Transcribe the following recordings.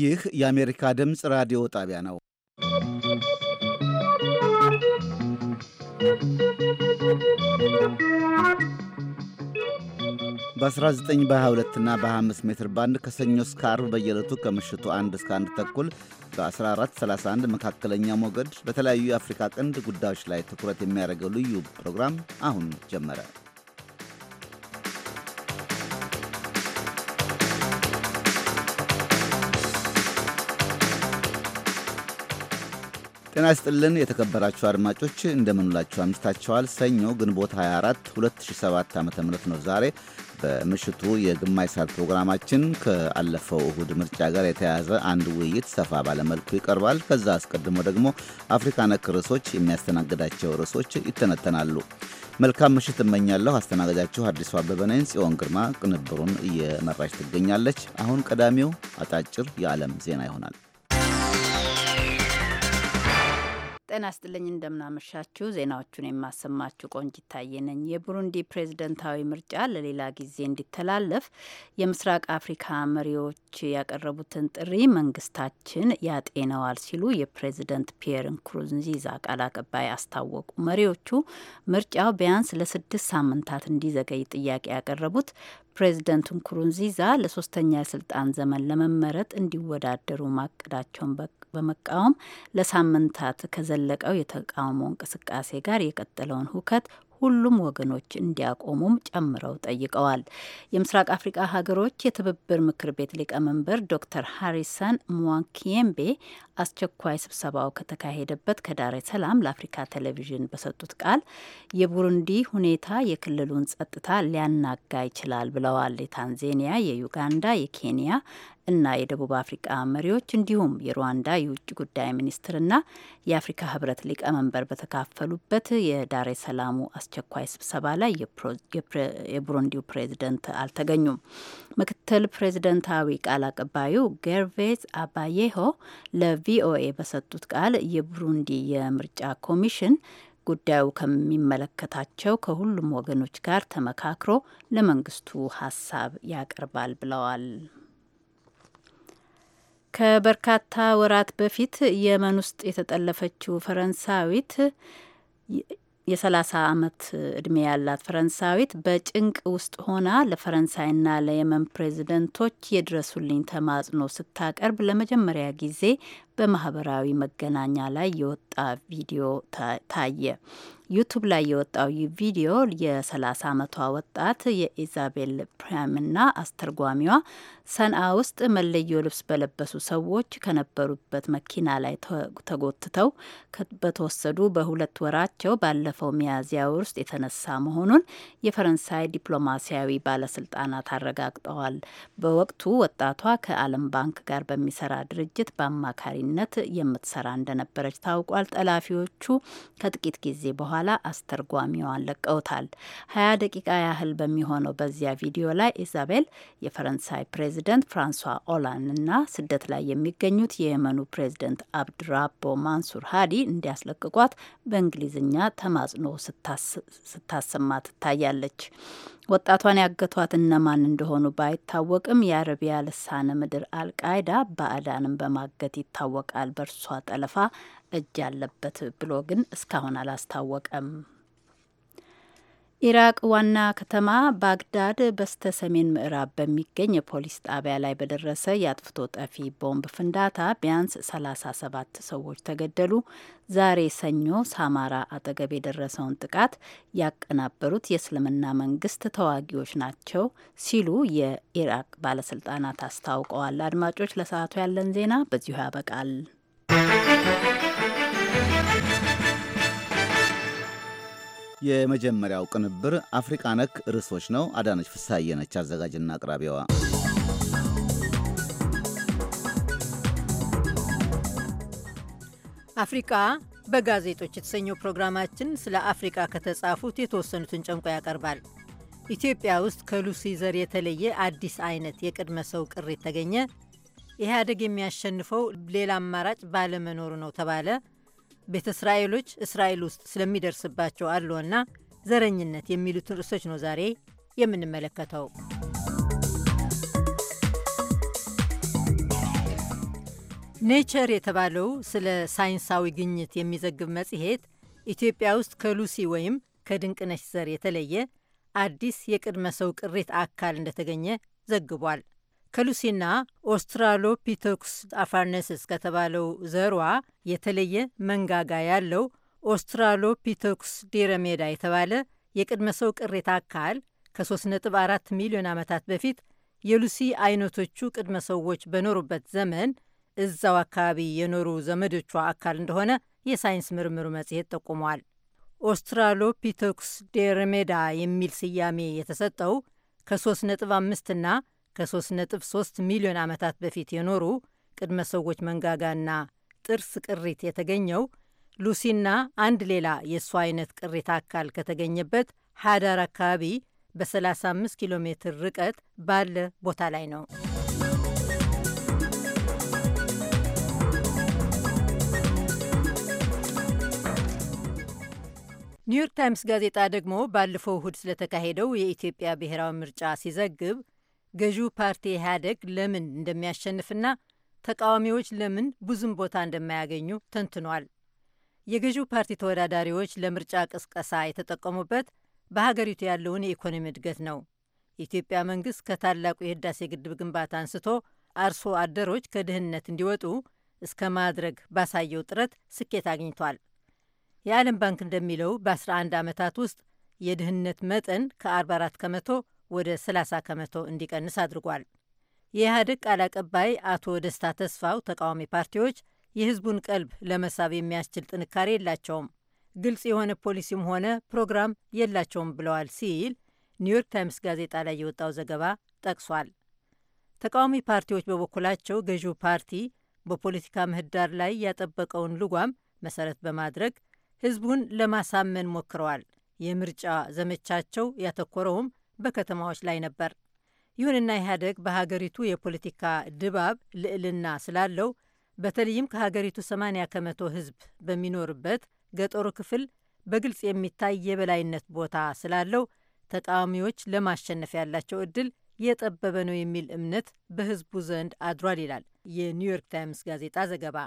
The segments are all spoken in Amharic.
ይህ የአሜሪካ ድምፅ ራዲዮ ጣቢያ ነው። በ19 በ22 እና በ25 ሜትር ባንድ ከሰኞ እስከ አርብ በየዕለቱ ከምሽቱ አንድ እስከ አንድ ተኩል በ1431 መካከለኛ ሞገድ በተለያዩ የአፍሪካ ቀንድ ጉዳዮች ላይ ትኩረት የሚያደርገው ልዩ ፕሮግራም አሁን ጀመረ። ጤና ይስጥልን የተከበራችሁ አድማጮች እንደምንላችሁ አምስታቸዋል። ሰኞ ግንቦት 24 2007 ዓ ም ነው ዛሬ። በምሽቱ የግማሽ ሰዓት ፕሮግራማችን ከአለፈው እሁድ ምርጫ ጋር የተያያዘ አንድ ውይይት ሰፋ ባለመልኩ ይቀርባል። ከዛ አስቀድሞ ደግሞ አፍሪካ ነክ ርዕሶች የሚያስተናግዳቸው ርዕሶች ይተነተናሉ። መልካም ምሽት እመኛለሁ። አስተናጋጃችሁ አዲሱ አበበ ነኝ። ጽዮን ግርማ ቅንብሩን እየመራች ትገኛለች። አሁን ቀዳሚው አጫጭር የዓለም ዜና ይሆናል። ጤና ስጥልኝ እንደምናመሻችሁ። ዜናዎቹን የማሰማችሁ ቆንጅ ይታየ ነኝ። የቡሩንዲ ፕሬዝደንታዊ ምርጫ ለሌላ ጊዜ እንዲተላለፍ የምስራቅ አፍሪካ መሪዎች ያቀረቡትን ጥሪ መንግስታችን ያጤነዋል ሲሉ የፕሬዝደንት ፒየር ንኩሩንዚዛ ቃል አቀባይ አስታወቁ። መሪዎቹ ምርጫው ቢያንስ ለስድስት ሳምንታት እንዲዘገይ ጥያቄ ያቀረቡት ፕሬዚደንት ንኩሩንዚዛ ለሶስተኛ የስልጣን ዘመን ለመመረጥ እንዲወዳደሩ ማቀዳቸውን በ በመቃወም ለሳምንታት ከዘለቀው የተቃውሞ እንቅስቃሴ ጋር የቀጠለውን ሁከት ሁሉም ወገኖች እንዲያቆሙም ጨምረው ጠይቀዋል። የምስራቅ አፍሪቃ ሀገሮች የትብብር ምክር ቤት ሊቀመንበር ዶክተር ሃሪሰን ሙዋንኪየምቤ አስቸኳይ ስብሰባው ከተካሄደበት ከዳሬ ሰላም ለአፍሪካ ቴሌቪዥን በሰጡት ቃል የቡሩንዲ ሁኔታ የክልሉን ጸጥታ ሊያናጋ ይችላል ብለዋል። የታንዜኒያ፣ የዩጋንዳ፣ የኬንያ እና የደቡብ አፍሪቃ መሪዎች እንዲሁም የሩዋንዳ የውጭ ጉዳይ ሚኒስትርና የአፍሪካ ህብረት ሊቀመንበር በተካፈሉበት የዳሬ ሰላሙ አስቸኳይ ስብሰባ ላይ የቡሩንዲው ፕሬዝደንት አልተገኙም። ምክትል ፕሬዝደንታዊ ቃል አቀባዩ ጌርቬዝ አባዬሆ ለቪኦኤ በሰጡት ቃል የቡሩንዲ የምርጫ ኮሚሽን ጉዳዩ ከሚመለከታቸው ከሁሉም ወገኖች ጋር ተመካክሮ ለመንግስቱ ሀሳብ ያቀርባል ብለዋል። ከበርካታ ወራት በፊት የመን ውስጥ የተጠለፈችው ፈረንሳዊት የሰላሳ አመት እድሜ ያላት ፈረንሳዊት በጭንቅ ውስጥ ሆና ለፈረንሳይና ለየመን ፕሬዚደንቶች የድረሱልኝ ተማጽኖ ስታቀርብ ለመጀመሪያ ጊዜ በማህበራዊ መገናኛ ላይ የወጣ ቪዲዮ ታየ። ዩቱብ ላይ የወጣው ቪዲዮ የ30 ዓመቷ ወጣት የኢዛቤል ፕራምና አስተርጓሚዋ ሰንአ ውስጥ መለዮ ልብስ በለበሱ ሰዎች ከነበሩበት መኪና ላይ ተጎትተው በተወሰዱ በሁለት ወራቸው ባለፈው ሚያዝያ ውስጥ የተነሳ መሆኑን የፈረንሳይ ዲፕሎማሲያዊ ባለስልጣናት አረጋግጠዋል። በወቅቱ ወጣቷ ከዓለም ባንክ ጋር በሚሰራ ድርጅት በአማካሪነት አስተርጓሚነት የምትሰራ እንደነበረች ታውቋል። ጠላፊዎቹ ከጥቂት ጊዜ በኋላ አስተርጓሚዋን ለቀውታል። ሀያ ደቂቃ ያህል በሚሆነው በዚያ ቪዲዮ ላይ ኢዛቤል የፈረንሳይ ፕሬዚደንት ፍራንሷ ኦላንድ እና ስደት ላይ የሚገኙት የየመኑ ፕሬዚደንት አብድራቦ ማንሱር ሀዲ እንዲያስለቅቋት በእንግሊዝኛ ተማጽኖ ስታሰማ ትታያለች። ወጣቷን ያገቷት እነማን እንደሆኑ ባይታወቅም የአረቢያ ልሳነ ምድር አልቃይዳ ባዕዳንን በማገት ይታወቃል። በእርሷ ጠለፋ እጅ አለበት ብሎ ግን እስካሁን አላስታወቀም። ኢራቅ ዋና ከተማ ባግዳድ በስተ ሰሜን ምዕራብ በሚገኝ የፖሊስ ጣቢያ ላይ በደረሰ የአጥፍቶ ጠፊ ቦምብ ፍንዳታ ቢያንስ 37 ሰዎች ተገደሉ። ዛሬ ሰኞ ሳማራ አጠገብ የደረሰውን ጥቃት ያቀናበሩት የእስልምና መንግስት ተዋጊዎች ናቸው ሲሉ የኢራቅ ባለስልጣናት አስታውቀዋል። አድማጮች፣ ለሰዓቱ ያለን ዜና በዚሁ ያበቃል። የመጀመሪያው ቅንብር አፍሪቃ ነክ ርዕሶች ነው። አዳነች ፍስሐዬ ነች አዘጋጅና አቅራቢዋ። አፍሪቃ በጋዜጦች የተሰኘው ፕሮግራማችን ስለ አፍሪቃ ከተጻፉት የተወሰኑትን ጨምቆ ያቀርባል። ኢትዮጵያ ውስጥ ከሉሲ ዘር የተለየ አዲስ አይነት የቅድመ ሰው ቅሪት ተገኘ፣ ኢህአደግ የሚያሸንፈው ሌላ አማራጭ ባለመኖሩ ነው ተባለ፣ ቤተ እስራኤሎች እስራኤል ውስጥ ስለሚደርስባቸው አድልዎና ዘረኝነት የሚሉትን ርዕሶች ነው ዛሬ የምንመለከተው። ኔቸር የተባለው ስለ ሳይንሳዊ ግኝት የሚዘግብ መጽሔት ኢትዮጵያ ውስጥ ከሉሲ ወይም ከድንቅነሽ ዘር የተለየ አዲስ የቅድመ ሰው ቅሪት አካል እንደተገኘ ዘግቧል። ከሉሲና ኦስትራሎፒቶክስ አፋርነስስ ከተባለው ዘሯ የተለየ መንጋጋ ያለው ኦስትራሎፒቶክስ ዲረሜዳ የተባለ የቅድመ ሰው ቅሬታ አካል ከ3.4 ሚሊዮን ዓመታት በፊት የሉሲ አይነቶቹ ቅድመ ሰዎች በኖሩበት ዘመን እዛው አካባቢ የኖሩ ዘመዶቿ አካል እንደሆነ የሳይንስ ምርምሩ መጽሔት ጠቁሟል። ኦስትራሎፒቶክስ ዴርሜዳ የሚል ስያሜ የተሰጠው ከ3.5 ና ከ3.3 ሚሊዮን ዓመታት በፊት የኖሩ ቅድመ ሰዎች መንጋጋና ጥርስ ቅሪት የተገኘው ሉሲና አንድ ሌላ የእሷ አይነት ቅሪት አካል ከተገኘበት ሀዳር አካባቢ በ35 ኪሎ ሜትር ርቀት ባለ ቦታ ላይ ነው። ኒውዮርክ ታይምስ ጋዜጣ ደግሞ ባለፈው እሁድ ስለተካሄደው የኢትዮጵያ ብሔራዊ ምርጫ ሲዘግብ ገዢው ፓርቲ ኢህአደግ ለምን እንደሚያሸንፍና ተቃዋሚዎች ለምን ብዙም ቦታ እንደማያገኙ ተንትኗል። የገዢው ፓርቲ ተወዳዳሪዎች ለምርጫ ቅስቀሳ የተጠቀሙበት በሀገሪቱ ያለውን የኢኮኖሚ እድገት ነው። የኢትዮጵያ መንግስት ከታላቁ የህዳሴ ግድብ ግንባታ አንስቶ አርሶ አደሮች ከድህነት እንዲወጡ እስከ ማድረግ ባሳየው ጥረት ስኬት አግኝቷል። የዓለም ባንክ እንደሚለው በ11 ዓመታት ውስጥ የድህነት መጠን ከ44 ከመቶ ወደ 30 ከመቶ እንዲቀንስ አድርጓል። የኢህአዴግ ቃል አቀባይ አቶ ደስታ ተስፋው ተቃዋሚ ፓርቲዎች የህዝቡን ቀልብ ለመሳብ የሚያስችል ጥንካሬ የላቸውም፣ ግልጽ የሆነ ፖሊሲም ሆነ ፕሮግራም የላቸውም ብለዋል ሲል ኒውዮርክ ታይምስ ጋዜጣ ላይ የወጣው ዘገባ ጠቅሷል። ተቃዋሚ ፓርቲዎች በበኩላቸው ገዢው ፓርቲ በፖለቲካ ምህዳር ላይ ያጠበቀውን ልጓም መሰረት በማድረግ ህዝቡን ለማሳመን ሞክረዋል። የምርጫ ዘመቻቸው ያተኮረውም በከተማዎች ላይ ነበር። ይሁንና ኢህአደግ በሀገሪቱ የፖለቲካ ድባብ ልዕልና ስላለው በተለይም ከሀገሪቱ 80 ከመቶ ህዝብ በሚኖርበት ገጠሩ ክፍል በግልጽ የሚታይ የበላይነት ቦታ ስላለው ተቃዋሚዎች ለማሸነፍ ያላቸው እድል የጠበበ ነው የሚል እምነት በህዝቡ ዘንድ አድሯል ይላል የኒውዮርክ ታይምስ ጋዜጣ ዘገባ።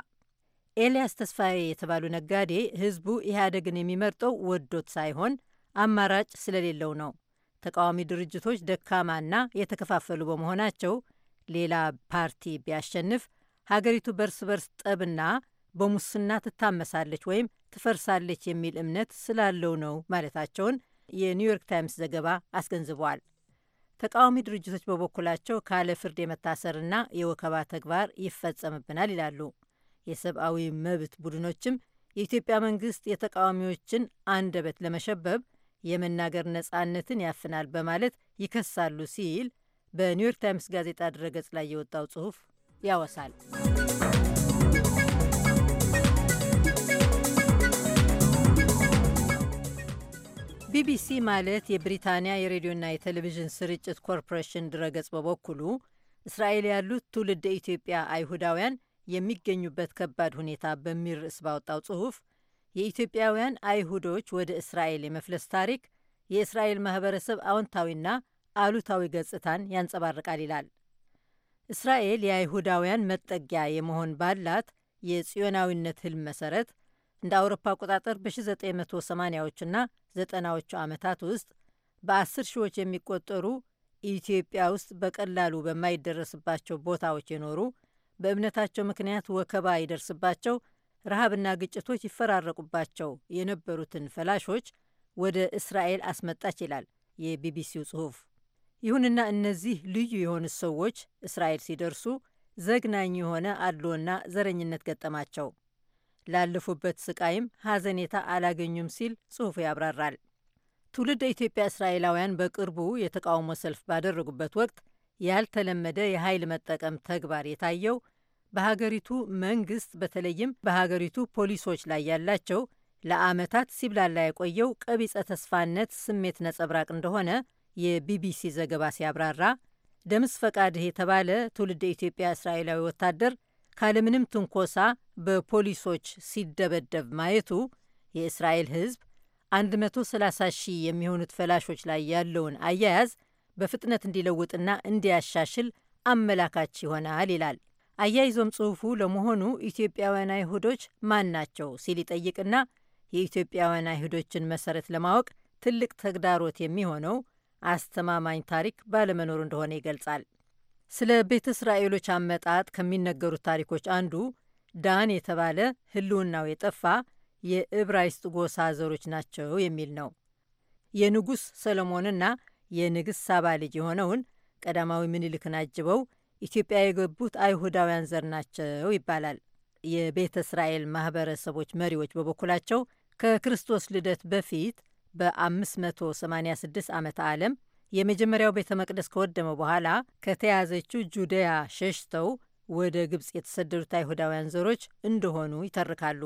ኤልያስ ተስፋዬ የተባሉ ነጋዴ ህዝቡ ኢህአደግን የሚመርጠው ወዶት ሳይሆን አማራጭ ስለሌለው ነው ተቃዋሚ ድርጅቶች ደካማና የተከፋፈሉ በመሆናቸው ሌላ ፓርቲ ቢያሸንፍ ሀገሪቱ በርስ በርስ ጠብና በሙስና ትታመሳለች ወይም ትፈርሳለች የሚል እምነት ስላለው ነው ማለታቸውን የኒውዮርክ ታይምስ ዘገባ አስገንዝበዋል። ተቃዋሚ ድርጅቶች በበኩላቸው ካለ ፍርድ የመታሰርና የወከባ ተግባር ይፈጸምብናል ይላሉ። የሰብአዊ መብት ቡድኖችም የኢትዮጵያ መንግስት የተቃዋሚዎችን አንደበት ለመሸበብ የመናገር ነጻነትን ያፍናል በማለት ይከሳሉ ሲል በኒውዮርክ ታይምስ ጋዜጣ ድረገጽ ላይ የወጣው ጽሑፍ ያወሳል። ቢቢሲ ማለት የብሪታንያ የሬዲዮና የቴሌቪዥን ስርጭት ኮርፖሬሽን ድረገጽ በበኩሉ እስራኤል ያሉት ትውልድ ኢትዮጵያ አይሁዳውያን የሚገኙበት ከባድ ሁኔታ በሚል ርዕስ ባወጣው ጽሑፍ የኢትዮጵያውያን አይሁዶች ወደ እስራኤል የመፍለስ ታሪክ የእስራኤል ማህበረሰብ አዎንታዊና አሉታዊ ገጽታን ያንጸባርቃል ይላል። እስራኤል የአይሁዳውያን መጠጊያ የመሆን ባላት የጽዮናዊነት ህልም መሰረት እንደ አውሮፓ አቆጣጠር በ1980ዎቹና 9 ዎቹ ዓመታት ውስጥ በአስር ሺዎች የሚቆጠሩ ኢትዮጵያ ውስጥ በቀላሉ በማይደረስባቸው ቦታዎች የኖሩ በእምነታቸው ምክንያት ወከባ ይደርስባቸው ረሃብና ግጭቶች ይፈራረቁባቸው የነበሩትን ፈላሾች ወደ እስራኤል አስመጣች ይላል የቢቢሲው ጽሑፍ። ይሁንና እነዚህ ልዩ የሆኑት ሰዎች እስራኤል ሲደርሱ ዘግናኝ የሆነ አድሎና ዘረኝነት ገጠማቸው። ላለፉበት ስቃይም ሐዘኔታ አላገኙም ሲል ጽሑፉ ያብራራል። ትውልደ ኢትዮጵያ እስራኤላውያን በቅርቡ የተቃውሞ ሰልፍ ባደረጉበት ወቅት ያልተለመደ የኃይል መጠቀም ተግባር የታየው በሀገሪቱ መንግስት በተለይም በሀገሪቱ ፖሊሶች ላይ ያላቸው ለአመታት ሲብላላ የቆየው ቀቢጸ ተስፋነት ስሜት ነጸብራቅ እንደሆነ የቢቢሲ ዘገባ ሲያብራራ፣ ደምስ ፈቃድህ የተባለ ትውልድ የኢትዮጵያ እስራኤላዊ ወታደር ካለምንም ትንኮሳ በፖሊሶች ሲደበደብ ማየቱ የእስራኤል ህዝብ 130 ሺህ የሚሆኑት ፈላሾች ላይ ያለውን አያያዝ በፍጥነት እንዲለውጥና እንዲያሻሽል አመላካች ይሆናል ይላል። አያይዞም ጽሑፉ ለመሆኑ ኢትዮጵያውያን አይሁዶች ማን ናቸው ሲል ይጠይቅና የኢትዮጵያውያን አይሁዶችን መሰረት ለማወቅ ትልቅ ተግዳሮት የሚሆነው አስተማማኝ ታሪክ ባለመኖሩ እንደሆነ ይገልጻል። ስለ ቤተ እስራኤሎች አመጣጥ ከሚነገሩት ታሪኮች አንዱ ዳን የተባለ ሕልውናው የጠፋ የዕብራይስጥ ጎሳ ዘሮች ናቸው የሚል ነው። የንጉሥ ሰሎሞንና የንግሥት ሳባ ልጅ የሆነውን ቀዳማዊ ምኒልክን አጅበው ኢትዮጵያ የገቡት አይሁዳውያን ዘር ናቸው ይባላል። የቤተ እስራኤል ማህበረሰቦች መሪዎች በበኩላቸው ከክርስቶስ ልደት በፊት በ586 ዓመተ ዓለም የመጀመሪያው ቤተ መቅደስ ከወደመ በኋላ ከተያዘችው ጁደያ ሸሽተው ወደ ግብፅ የተሰደዱት አይሁዳውያን ዘሮች እንደሆኑ ይተርካሉ።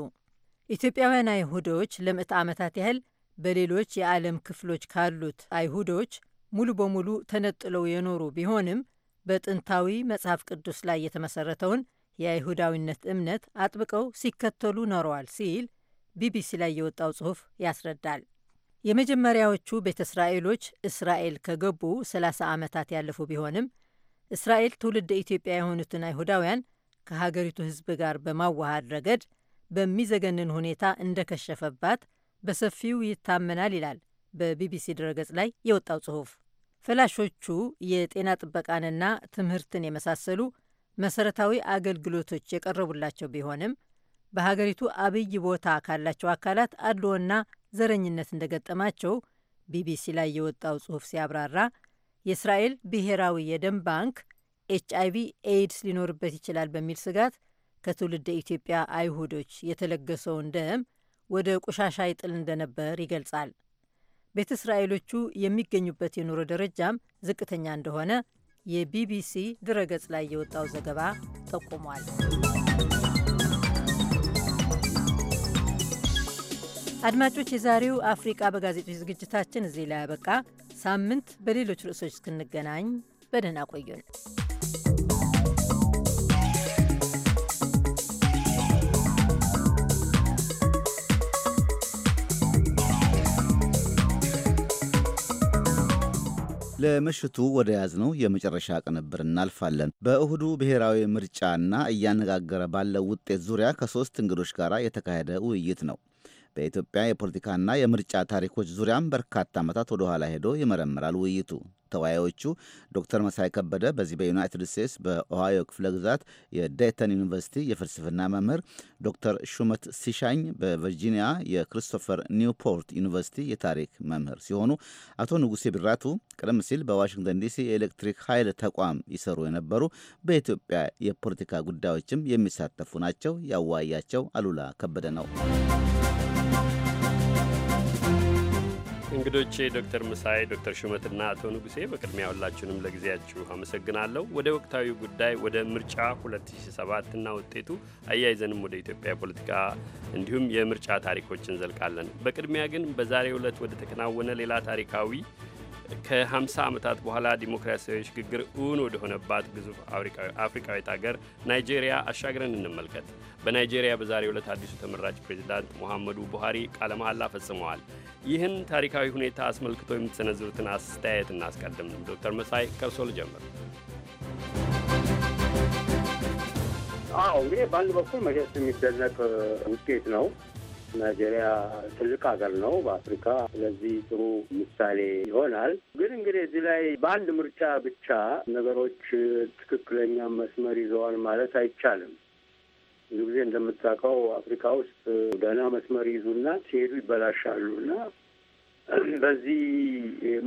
ኢትዮጵያውያን አይሁዶች ለምዕተ ዓመታት ያህል በሌሎች የዓለም ክፍሎች ካሉት አይሁዶች ሙሉ በሙሉ ተነጥለው የኖሩ ቢሆንም በጥንታዊ መጽሐፍ ቅዱስ ላይ የተመሰረተውን የአይሁዳዊነት እምነት አጥብቀው ሲከተሉ ኖረዋል ሲል ቢቢሲ ላይ የወጣው ጽሑፍ ያስረዳል። የመጀመሪያዎቹ ቤተ እስራኤሎች እስራኤል ከገቡ 30 ዓመታት ያለፉ ቢሆንም እስራኤል ትውልድ ኢትዮጵያ የሆኑትን አይሁዳውያን ከሀገሪቱ ሕዝብ ጋር በማዋሃድ ረገድ በሚዘገንን ሁኔታ እንደከሸፈባት በሰፊው ይታመናል ይላል በቢቢሲ ድረገጽ ላይ የወጣው ጽሑፍ። ፈላሾቹ የጤና ጥበቃንና ትምህርትን የመሳሰሉ መሰረታዊ አገልግሎቶች የቀረቡላቸው ቢሆንም በሀገሪቱ አብይ ቦታ ካላቸው አካላት አድልዎና ዘረኝነት እንደገጠማቸው ቢቢሲ ላይ የወጣው ጽሑፍ ሲያብራራ የእስራኤል ብሔራዊ የደም ባንክ ኤች አይቪ ኤድስ ሊኖርበት ይችላል በሚል ስጋት ከትውልደ ኢትዮጵያ አይሁዶች የተለገሰውን ደም ወደ ቆሻሻ ይጥል እንደነበር ይገልጻል። ቤተ እስራኤሎቹ የሚገኙበት የኑሮ ደረጃም ዝቅተኛ እንደሆነ የቢቢሲ ድረገጽ ላይ የወጣው ዘገባ ጠቁሟል። አድማጮች፣ የዛሬው አፍሪቃ በጋዜጦች ዝግጅታችን እዚህ ላይ ያበቃ። ሳምንት በሌሎች ርዕሶች እስክንገናኝ በደህና ቆዩን። ለምሽቱ ወደ ያዝነው የመጨረሻ ቅንብር እናልፋለን። በእሁዱ ብሔራዊ ምርጫና እያነጋገረ ባለው ውጤት ዙሪያ ከሶስት እንግዶች ጋር የተካሄደ ውይይት ነው። በኢትዮጵያ የፖለቲካና የምርጫ ታሪኮች ዙሪያም በርካታ ዓመታት ወደ ኋላ ሄዶ ይመረምራል ውይይቱ። ተወያዮቹ ዶክተር መሳይ ከበደ በዚህ በዩናይትድ ስቴትስ በኦሃዮ ክፍለ ግዛት የዴይተን ዩኒቨርሲቲ የፍልስፍና መምህር፣ ዶክተር ሹመት ሲሻኝ በቨርጂኒያ የክሪስቶፈር ኒውፖርት ዩኒቨርሲቲ የታሪክ መምህር ሲሆኑ አቶ ንጉሴ ቢራቱ ቀደም ሲል በዋሽንግተን ዲሲ የኤሌክትሪክ ኃይል ተቋም ይሰሩ የነበሩ በኢትዮጵያ የፖለቲካ ጉዳዮችም የሚሳተፉ ናቸው። ያዋያቸው አሉላ ከበደ ነው። እንግዶቼ ዶክተር ምሳይ ዶክተር ሹመትና አቶ ንጉሴ በቅድሚያ ሁላችሁንም ለጊዜያችሁ አመሰግናለሁ። ወደ ወቅታዊ ጉዳይ ወደ ምርጫ 2007 እና ውጤቱ አያይዘንም ወደ ኢትዮጵያ ፖለቲካ እንዲሁም የምርጫ ታሪኮች እንዘልቃለን። በቅድሚያ ግን በዛሬ ዕለት ወደ ተከናወነ ሌላ ታሪካዊ ከ50 ዓመታት በኋላ ዲሞክራሲያዊ ሽግግር እውን ወደሆነባት ግዙፍ አፍሪካዊት አገር ናይጄሪያ አሻግረን እንመልከት። በናይጄሪያ በዛሬው ዕለት አዲሱ ተመራጭ ፕሬዚዳንት ሙሐመዱ ቡሃሪ ቃለ መሐላ ፈጽመዋል። ይህን ታሪካዊ ሁኔታ አስመልክቶ የምትሰነዝሩትን አስተያየት እናስቀድም። ዶክተር መሳይ ከርሶ ልጀምር። አዎ እንግዲህ በአንድ በኩል መቼስ የሚደነቅ ውጤት ነው ናይጄሪያ ትልቅ ሀገር ነው በአፍሪካ። ስለዚህ ጥሩ ምሳሌ ይሆናል። ግን እንግዲህ እዚህ ላይ በአንድ ምርጫ ብቻ ነገሮች ትክክለኛ መስመር ይዘዋል ማለት አይቻልም። ብዙ ጊዜ እንደምታውቀው አፍሪካ ውስጥ ደህና መስመር ይዙና ሲሄዱ ይበላሻሉ እና በዚህ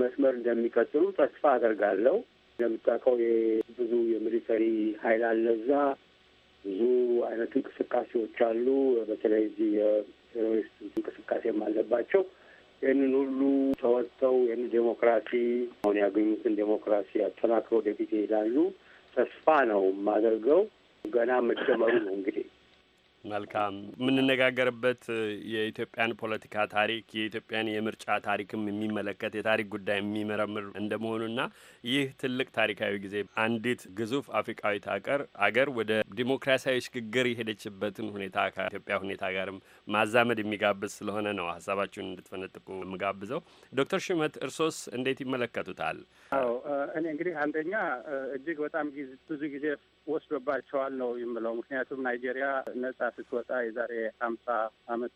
መስመር እንደሚቀጥሉ ተስፋ አደርጋለሁ። እንደምታውቀው ብዙ የሚሊተሪ ኃይል አለ እዛ ብዙ አይነት እንቅስቃሴዎች አሉ። በተለይ እዚህ ቴሮሪስት እንቅስቃሴም አለባቸው። ይህንን ሁሉ ተወጥተው ይህን ዴሞክራሲ አሁን ያገኙትን ዴሞክራሲ አጠናክሮ ወደፊት ይሄዳሉ። ተስፋ ነው የማደርገው። ገና መጀመሩ ነው እንግዲህ መልካም የምንነጋገርበት የኢትዮጵያን ፖለቲካ ታሪክ የኢትዮጵያን የምርጫ ታሪክም የሚመለከት የታሪክ ጉዳይ የሚመረምር እንደመሆኑና ይህ ትልቅ ታሪካዊ ጊዜ አንዲት ግዙፍ አፍሪካዊት አገር አገር ወደ ዲሞክራሲያዊ ሽግግር የሄደችበትን ሁኔታ ከኢትዮጵያ ሁኔታ ጋርም ማዛመድ የሚጋብዝ ስለሆነ ነው ሀሳባችሁን እንድትፈነጥቁ የምጋብዘው። ዶክተር ሽመት እርሶስ እንዴት ይመለከቱታል? አዎ እኔ እንግዲህ አንደኛ እጅግ በጣም ብዙ ጊዜ ወስዶባቸዋል ነው የምለው። ምክንያቱም ናይጄሪያ ነጻ ስትወጣ የዛሬ ሀምሳ አመት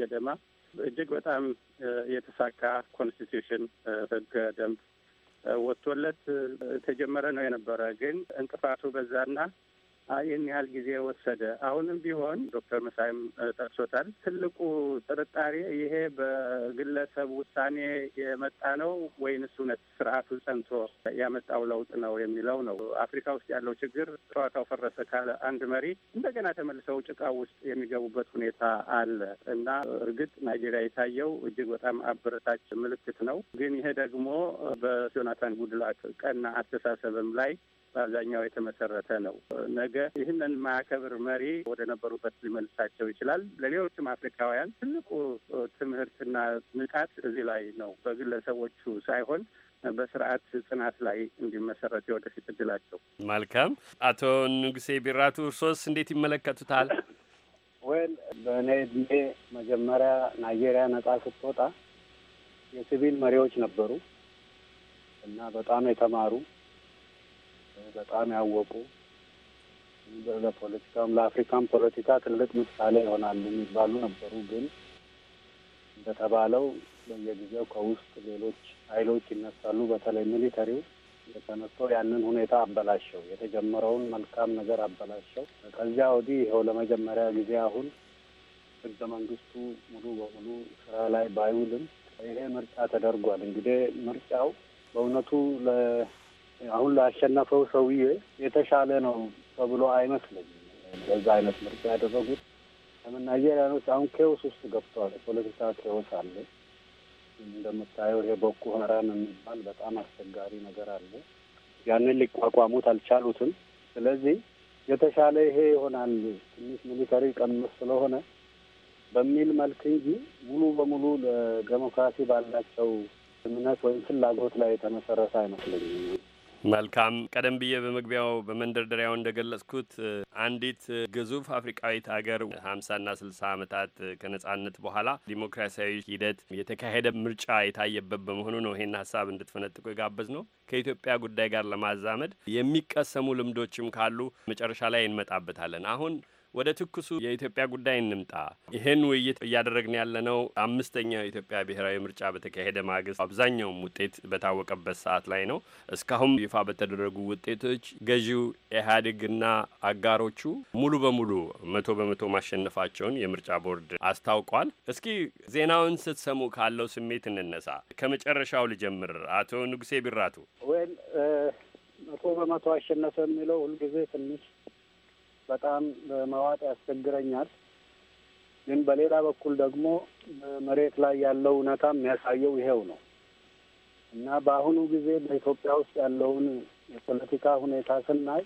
ገደማ እጅግ በጣም የተሳካ ኮንስቲትዩሽን ህገ ደንብ ወጥቶለት ተጀመረ ነው የነበረ። ግን እንቅፋቱ በዛና ይህን ያህል ጊዜ ወሰደ። አሁንም ቢሆን ዶክተር መሳይም ጠቅሶታል። ትልቁ ጥርጣሬ ይሄ በግለሰብ ውሳኔ የመጣ ነው ወይንስ እውነት ስርዓቱ ጸንቶ ያመጣው ለውጥ ነው የሚለው ነው። አፍሪካ ውስጥ ያለው ችግር ጨዋታው ፈረሰ ካለ አንድ መሪ እንደገና ተመልሰው ጭቃ ውስጥ የሚገቡበት ሁኔታ አለ እና እርግጥ ናይጄሪያ የታየው እጅግ በጣም አበረታች ምልክት ነው። ግን ይሄ ደግሞ በጆናታን ጉድላት ቀና አስተሳሰብም ላይ በአብዛኛው የተመሰረተ ነው። ነገ ይህንን ማያከብር መሪ ወደ ነበሩበት ሊመልሳቸው ይችላል። ለሌሎችም አፍሪካውያን ትልቁ ትምህርትና ንቃት እዚህ ላይ ነው። በግለሰቦቹ ሳይሆን በስርዓት ጽናት ላይ እንዲመሰረት የወደፊት እድላቸው። መልካም አቶ ንጉሴ ቢራቱ እርሶስ እንዴት ይመለከቱታል? ወል በእኔ እድሜ መጀመሪያ ናይጄሪያ ነጻ ስትወጣ የሲቪል መሪዎች ነበሩ እና በጣም የተማሩ በጣም ያወቁ ለፖለቲካም ለአፍሪካም ፖለቲካ ትልቅ ምሳሌ ይሆናል የሚባሉ ነበሩ። ግን እንደተባለው በየጊዜው ከውስጥ ሌሎች ኃይሎች ይነሳሉ። በተለይ ሚሊተሪው የተነሳው ያንን ሁኔታ አበላሸው፣ የተጀመረውን መልካም ነገር አበላሸው። ከዚያ ወዲህ ይኸው ለመጀመሪያ ጊዜ አሁን ህገ መንግስቱ ሙሉ በሙሉ ስራ ላይ ባይውልም ይሄ ምርጫ ተደርጓል። እንግዲህ ምርጫው በእውነቱ አሁን ላሸነፈው ሰውዬ የተሻለ ነው ተብሎ አይመስለኝም። በዛ አይነት ምርጫ ያደረጉት ለምን ናይጄሪያኖች አሁን ኬዎስ ውስጥ ገብተዋል። የፖለቲካ ኬዎስ አለ። እንደምታየው ይሄ ቦኮ ሀራም የሚባል በጣም አስቸጋሪ ነገር አለ። ያንን ሊቋቋሙት አልቻሉትም። ስለዚህ የተሻለ ይሄ ይሆናል ትንሽ ሚሊተሪ ቀንስ ስለሆነ በሚል መልክ እንጂ ሙሉ በሙሉ ለዴሞክራሲ ባላቸው እምነት ወይም ፍላጎት ላይ የተመሰረተ አይመስለኝም። መልካም ቀደም ብዬ በመግቢያው በመንደርደሪያው እንደገለጽኩት አንዲት ግዙፍ አፍሪቃዊት ሀገር ሀምሳና ስልሳ ዓመታት ከነጻነት በኋላ ዲሞክራሲያዊ ሂደት የተካሄደ ምርጫ የታየበት በመሆኑ ነው ይሄን ሀሳብ እንድትፈነጥቁ የጋበዝ ነው። ከኢትዮጵያ ጉዳይ ጋር ለማዛመድ የሚቀሰሙ ልምዶችም ካሉ መጨረሻ ላይ እንመጣበታለን። አሁን ወደ ትኩሱ የኢትዮጵያ ጉዳይ እንምጣ። ይህን ውይይት እያደረግን ያለነው አምስተኛው የኢትዮጵያ ብሔራዊ ምርጫ በተካሄደ ማግስት አብዛኛውም ውጤት በታወቀበት ሰዓት ላይ ነው። እስካሁን ይፋ በተደረጉ ውጤቶች ገዢው ኢህአዴግና አጋሮቹ ሙሉ በሙሉ መቶ በመቶ ማሸነፋቸውን የምርጫ ቦርድ አስታውቋል። እስኪ ዜናውን ስትሰሙ ካለው ስሜት እንነሳ። ከመጨረሻው ልጀምር። አቶ ንጉሴ ቢራቱ ወይም መቶ በመቶ አሸነፈ የሚለው ሁልጊዜ ትንሽ በጣም በመዋጥ ያስቸግረኛል። ግን በሌላ በኩል ደግሞ መሬት ላይ ያለው እውነታ የሚያሳየው ይሄው ነው እና በአሁኑ ጊዜ በኢትዮጵያ ውስጥ ያለውን የፖለቲካ ሁኔታ ስናይ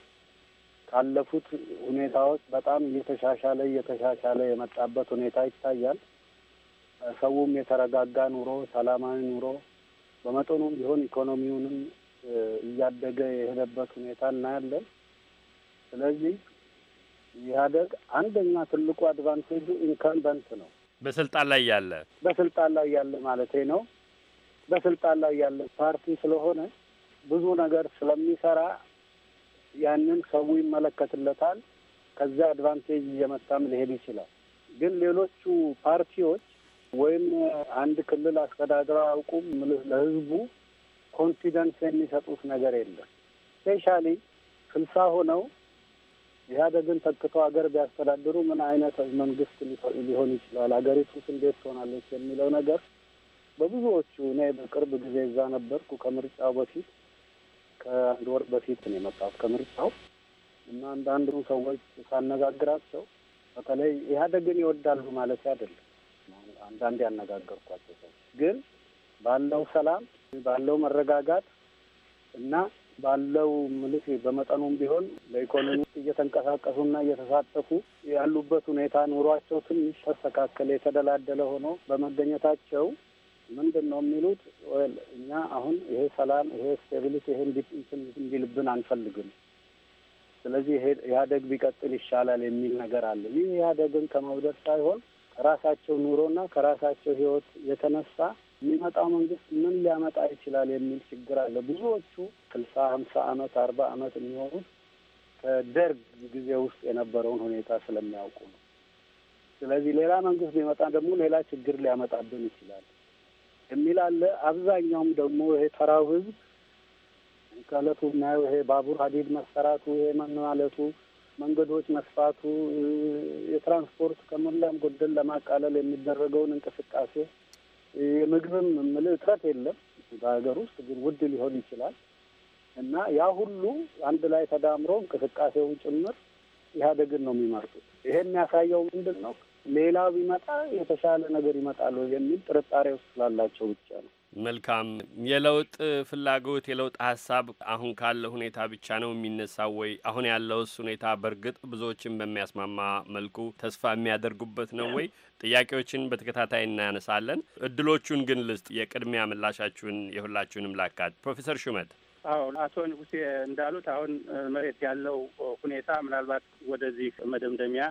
ካለፉት ሁኔታዎች በጣም እየተሻሻለ እየተሻሻለ የመጣበት ሁኔታ ይታያል። ሰውም የተረጋጋ ኑሮ፣ ሰላማዊ ኑሮ በመጠኑም ቢሆን ኢኮኖሚውንም እያደገ የሄደበት ሁኔታ እናያለን። ስለዚህ ኢህአደግ አንደኛ ትልቁ አድቫንቴጁ ኢንከምበንት ነው። በስልጣን ላይ ያለ በስልጣን ላይ ያለ ማለት ነው። በስልጣን ላይ ያለ ፓርቲ ስለሆነ ብዙ ነገር ስለሚሰራ ያንን ሰው ይመለከትለታል። ከዛ አድቫንቴጅ እየመጣም ሊሄድ ይችላል። ግን ሌሎቹ ፓርቲዎች ወይም አንድ ክልል አስተዳድረው አያውቁም። ለህዝቡ ኮንፊደንስ የሚሰጡት ነገር የለም። ስፔሻሊ ስልሳ ሆነው ኢህአዴግን ተክተው ሀገር ቢያስተዳድሩ ምን አይነት መንግስት ሊሆን ይችላል፣ ሀገሪቱስ እንዴት ትሆናለች የሚለው ነገር በብዙዎቹ እኔ በቅርብ ጊዜ እዛ ነበርኩ። ከምርጫው በፊት ከአንድ ወር በፊት ነው የመጣሁት ከምርጫው እና አንዳንዱ ሰዎች ሳነጋግራቸው በተለይ ኢህአዴግን ይወዳሉ ማለት አይደለም። አንዳንድ ያነጋገርኳቸው ሰዎች ግን ባለው ሰላም ባለው መረጋጋት እና ባለው ምልክ በመጠኑም ቢሆን በኢኮኖሚ እየተንቀሳቀሱና እየተሳተፉ ያሉበት ሁኔታ ኑሯቸው ትንሽ ተስተካከለ፣ የተደላደለ ሆኖ በመገኘታቸው ምንድን ነው የሚሉት እኛ አሁን ይሄ ሰላም፣ ይሄ ስቴቢሊቲ፣ ይሄ እንዲልብን አንፈልግም። ስለዚህ ይሄ ኢህአደግ ቢቀጥል ይሻላል የሚል ነገር አለ። ይህ ኢህአደግን ከመውደድ ሳይሆን ከራሳቸው ኑሮና ከራሳቸው ህይወት የተነሳ የሚመጣው መንግስት ምን ሊያመጣ ይችላል የሚል ችግር አለ። ብዙዎቹ ስልሳ ሀምሳ አመት አርባ አመት የሚሆኑት ከደርግ ጊዜ ውስጥ የነበረውን ሁኔታ ስለሚያውቁ ነው። ስለዚህ ሌላ መንግስት ሊመጣ ደግሞ ሌላ ችግር ሊያመጣብን ይችላል የሚል አለ። አብዛኛውም ደግሞ ይሄ ተራው ህዝብ ከእለቱ የምናየው ይሄ ባቡር ሀዲድ መሰራቱ፣ ይሄ መናለቱ፣ መንገዶች መስፋቱ፣ የትራንስፖርት ከሞላም ጎደል ለማቃለል የሚደረገውን እንቅስቃሴ የምግብም የምልህ እጥረት የለም በሀገር ውስጥ ግን ውድ ሊሆን ይችላል እና ያ ሁሉ አንድ ላይ ተዳምሮ እንቅስቃሴውን ጭምር ኢህአዴግን ነው የሚመርጡት። ይሄ የሚያሳየው ምንድን ነው? ሌላው ቢመጣ የተሻለ ነገር ይመጣሉ የሚል ጥርጣሬ ውስጥ ስላላቸው ብቻ ነው። መልካም የለውጥ ፍላጎት የለውጥ ሀሳብ አሁን ካለ ሁኔታ ብቻ ነው የሚነሳው ወይ? አሁን ያለውስ ሁኔታ በእርግጥ ብዙዎችን በሚያስማማ መልኩ ተስፋ የሚያደርጉበት ነው ወይ? ጥያቄዎችን በተከታታይ እናነሳለን። እድሎቹን ግን ልስጥ፣ የቅድሚያ ምላሻችሁን የሁላችሁንም ላካት። ፕሮፌሰር ሹመት አዎ አቶ ንጉሴ እንዳሉት አሁን መሬት ያለው ሁኔታ ምናልባት ወደዚህ መደምደሚያ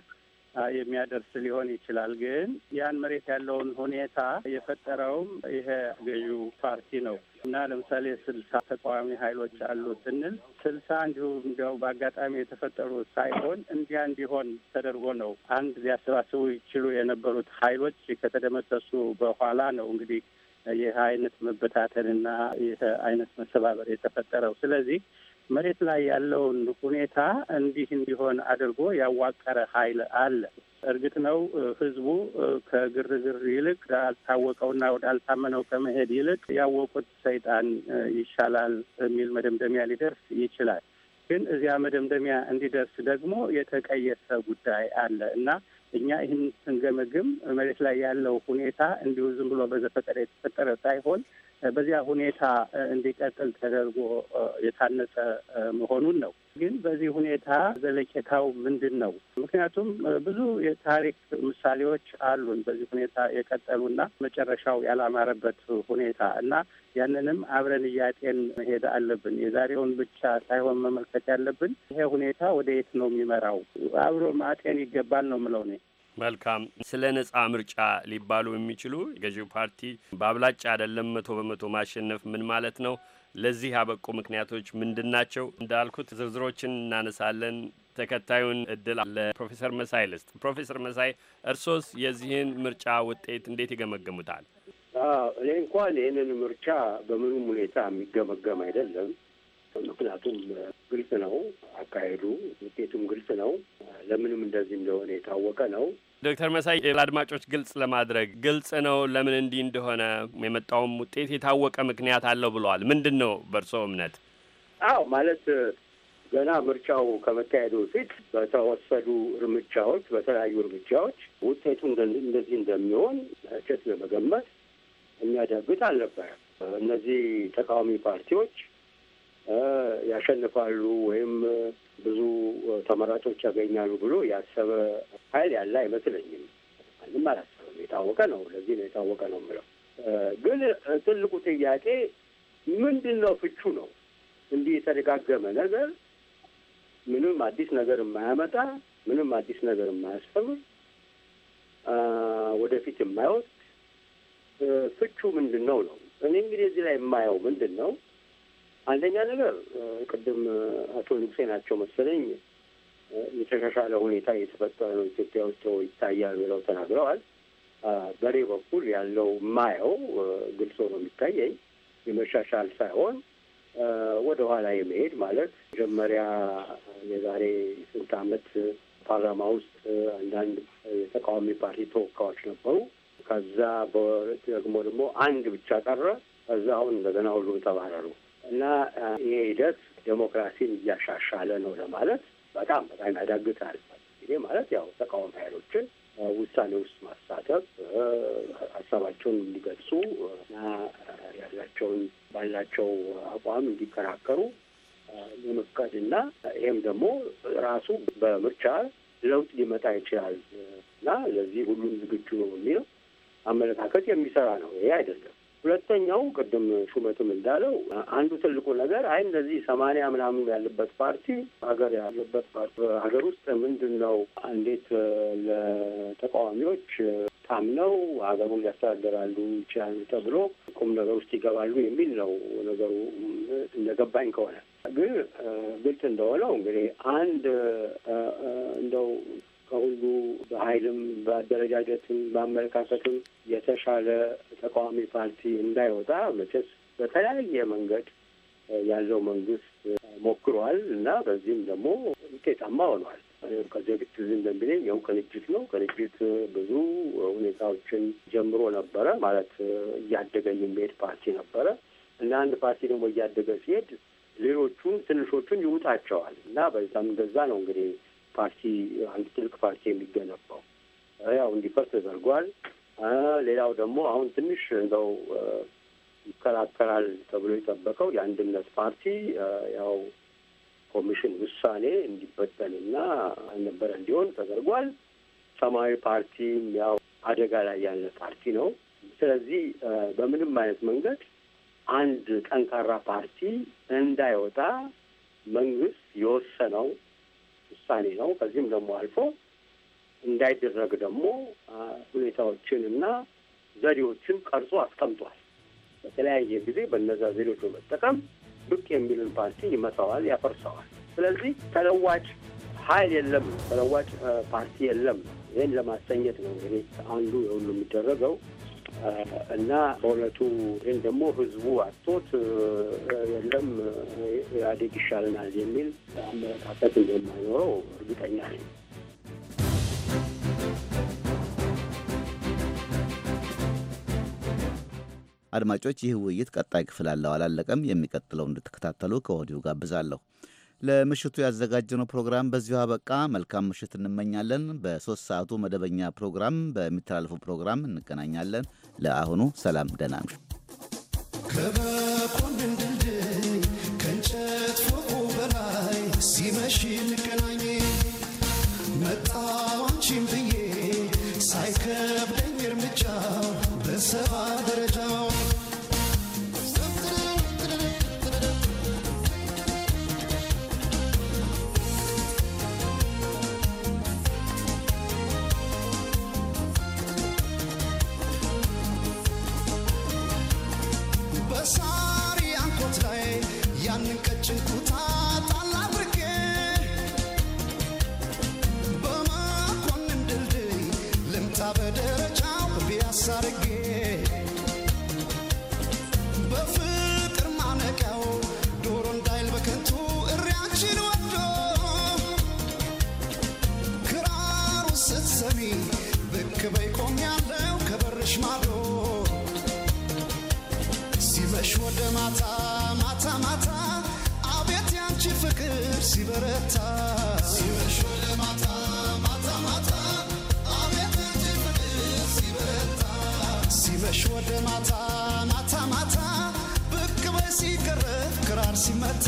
የሚያደርስ ሊሆን ይችላል። ግን ያን መሬት ያለውን ሁኔታ የፈጠረውም ይሄ ገዢው ፓርቲ ነው እና ለምሳሌ ስልሳ ተቃዋሚ ኃይሎች አሉ ስንል ስልሳ እንዲሁ እንዲያው በአጋጣሚ የተፈጠሩ ሳይሆን እንዲያ እንዲሆን ተደርጎ ነው። አንድ ሊያሰባስቡ ይችሉ የነበሩት ኃይሎች ከተደመሰሱ በኋላ ነው እንግዲህ ይህ አይነት መበታተንና ይህ አይነት መሰባበር የተፈጠረው። ስለዚህ መሬት ላይ ያለውን ሁኔታ እንዲህ እንዲሆን አድርጎ ያዋቀረ ኃይል አለ። እርግጥ ነው ህዝቡ ከግርግር ይልቅ ወዳልታወቀውና ወዳልታመነው ከመሄድ ይልቅ ያወቁት ሰይጣን ይሻላል የሚል መደምደሚያ ሊደርስ ይችላል። ግን እዚያ መደምደሚያ እንዲደርስ ደግሞ የተቀየሰ ጉዳይ አለ እና እኛ ይህን ስንገመግም መሬት ላይ ያለው ሁኔታ እንዲሁ ዝም ብሎ በዘፈቀደ የተፈጠረ ሳይሆን በዚያ ሁኔታ እንዲቀጥል ተደርጎ የታነጸ መሆኑን ነው። ግን በዚህ ሁኔታ ዘለቄታው ምንድን ነው? ምክንያቱም ብዙ የታሪክ ምሳሌዎች አሉን በዚህ ሁኔታ የቀጠሉና መጨረሻው ያላማረበት ሁኔታ እና ያንንም አብረን እያጤን መሄድ አለብን። የዛሬውን ብቻ ሳይሆን መመልከት ያለብን ይሄ ሁኔታ ወደ የት ነው የሚመራው፣ አብሮ ማጤን ይገባል ነው የምለው እኔ። መልካም ስለ ነጻ ምርጫ ሊባሉ የሚችሉ የገዢው ፓርቲ በአብላጫ አይደለም መቶ በመቶ ማሸነፍ ምን ማለት ነው? ለዚህ ያበቁ ምክንያቶች ምንድን ናቸው? እንዳልኩት ዝርዝሮችን እናነሳለን። ተከታዩን እድል ለፕሮፌሰር መሳይ ልስጥ። ፕሮፌሰር መሳይ እርሶስ የዚህን ምርጫ ውጤት እንዴት ይገመገሙታል? እኔ እንኳን ይህንን ምርጫ በምንም ሁኔታ የሚገመገም አይደለም። ምክንያቱም ግልጽ ነው አካሄዱ፣ ውጤቱም ግልጽ ነው። ለምንም እንደዚህ እንደሆነ የታወቀ ነው። ዶክተር መሳይ ለአድማጮች ግልጽ ለማድረግ ግልጽ ነው ለምን እንዲህ እንደሆነ የመጣውም ውጤት የታወቀ ምክንያት አለው ብለዋል። ምንድን ነው በእርስዎ እምነት? አዎ ማለት ገና ምርጫው ከመካሄዱ በፊት በተወሰዱ እርምጃዎች፣ በተለያዩ እርምጃዎች ውጤቱ እንደዚህ እንደሚሆን እቸት በመገመት የሚያዳግት አልነበረም። እነዚህ ተቃዋሚ ፓርቲዎች ያሸንፋሉ ወይም ብዙ ተመራጮች ያገኛሉ ብሎ ያሰበ ኃይል ያለ አይመስለኝም። ማንም አላሰበም። የታወቀ ነው። ለዚህ ነው የታወቀ ነው የምለው። ግን ትልቁ ጥያቄ ምንድን ነው? ፍቹ ነው እንዲህ የተደጋገመ ነገር ምንም አዲስ ነገር የማያመጣ ምንም አዲስ ነገር የማያስተምር ወደፊት የማይወስድ ፍቹ ምንድን ነው ነው እኔ እንግዲህ እዚህ ላይ የማየው ምንድን ነው አንደኛ ነገር ቅድም አቶ ንጉሴ ናቸው መሰለኝ የተሻሻለ ሁኔታ እየተፈጠረ ነው ኢትዮጵያ ውስጥ ይታያል ብለው ተናግረዋል። በእኔ በኩል ያለው ማየው ግልጽ ነው የሚታየኝ የመሻሻል ሳይሆን ወደ ኋላ የመሄድ ማለት መጀመሪያ የዛሬ ስንት ዓመት ፓርላማ ውስጥ አንዳንድ የተቃዋሚ ፓርቲ ተወካዮች ነበሩ። ከዛ ደግሞ ደግሞ አንድ ብቻ ቀረ። ከዛ አሁን እንደገና ሁሉም ተባረሩ። እና ይሄ ሂደት ዴሞክራሲን እያሻሻለ ነው ለማለት በጣም በጣም ያዳግታል። ይሄ ማለት ያው ተቃዋሚ ኃይሎችን ውሳኔ ውስጥ ማሳተፍ ሀሳባቸውን እንዲገልጹ እና ያላቸውን ባላቸው አቋም እንዲከራከሩ የመፍቀድ እና ይሄም ደግሞ ራሱ በምርጫ ለውጥ ሊመጣ ይችላል እና ለዚህ ሁሉም ዝግጁ ነው የሚለው አመለካከት የሚሰራ ነው። ይሄ አይደለም። ሁለተኛው ቅድም ሹመትም እንዳለው አንዱ ትልቁ ነገር አይ እንደዚህ ሰማንያ ምናምን ያለበት ፓርቲ ሀገር ያለበት ፓርቲ ሀገር ውስጥ ምንድን ነው እንዴት ለተቃዋሚዎች ታምነው ሀገሩን ሊያስተዳደራሉ ይችላሉ ተብሎ ቁም ነገር ውስጥ ይገባሉ የሚል ነው ነገሩ እንደገባኝ ከሆነ ግን ግልጽ እንደሆነው እንግዲህ አንድ እንደው ከሁሉ በኃይልም በአደረጃጀትም በአመለካከትም የተሻለ ተቃዋሚ ፓርቲ እንዳይወጣ መቼስ በተለያየ መንገድ ያለው መንግስት ሞክሯል እና በዚህም ደግሞ ውጤታማ ሆኗል። ከዚህ በፊት ትዝ እንደሚለኝ ያው ቅንጅት ነው። ቅንጅት ብዙ ሁኔታዎችን ጀምሮ ነበረ ማለት እያደገ የሚሄድ ፓርቲ ነበረ እና አንድ ፓርቲ ደግሞ እያደገ ሲሄድ ሌሎቹን ትንሾቹን ይውጣቸዋል እና በዛም እንደዛ ነው እንግዲህ ፓርቲ አንድ ትልቅ ፓርቲ የሚገነባው ያው እንዲፈርስ ተደርጓል። ሌላው ደግሞ አሁን ትንሽ እንደው ይከራከራል ተብሎ የጠበቀው የአንድነት ፓርቲ ያው ኮሚሽን ውሳኔ እንዲበጠንና አልነበረ እንዲሆን ተደርጓል። ሰማያዊ ፓርቲም ያው አደጋ ላይ ያለ ፓርቲ ነው። ስለዚህ በምንም አይነት መንገድ አንድ ጠንካራ ፓርቲ እንዳይወጣ መንግስት የወሰነው ውሳኔ ነው። ከዚህም ደግሞ አልፎ እንዳይደረግ ደግሞ ሁኔታዎችንና ዘዴዎችን ቀርጾ አስቀምጧል። በተለያየ ጊዜ በነዛ ዘዴዎች በመጠቀም ብቅ የሚልን ፓርቲ ይመታዋል፣ ያፈርሰዋል። ስለዚህ ተለዋጭ ኃይል የለም፣ ተለዋጭ ፓርቲ የለም። ይህን ለማሰኘት ነው እንግዲህ አንዱ የሁሉ የሚደረገው እና በእውነቱ ይህን ደግሞ ህዝቡ አቶት የለም ኢህአዴግ ይሻልናል የሚል አመለካከት እንደማይኖረው እርግጠኛ ነኝ። አድማጮች፣ ይህ ውይይት ቀጣይ ክፍል አለው፣ አላለቀም። የሚቀጥለው እንድትከታተሉ ከወዲሁ ጋብዛለሁ። ለምሽቱ ያዘጋጀነው ፕሮግራም በዚሁ አበቃ። መልካም ምሽት እንመኛለን። በሶስት ሰዓቱ መደበኛ ፕሮግራም በሚተላለፉ ፕሮግራም እንገናኛለን። ለአሁኑ ሰላም፣ ደህና ነው። ድልድይ ከእንጨት ፎቁ በላይ ሲመሽ እንገናኝ መጣሁ ብዬ ሳይከብደኝ እርምጃው በሰባ ደረጃው ማታ ማታ ማታ ብቅ በይ ክራር ሲመታ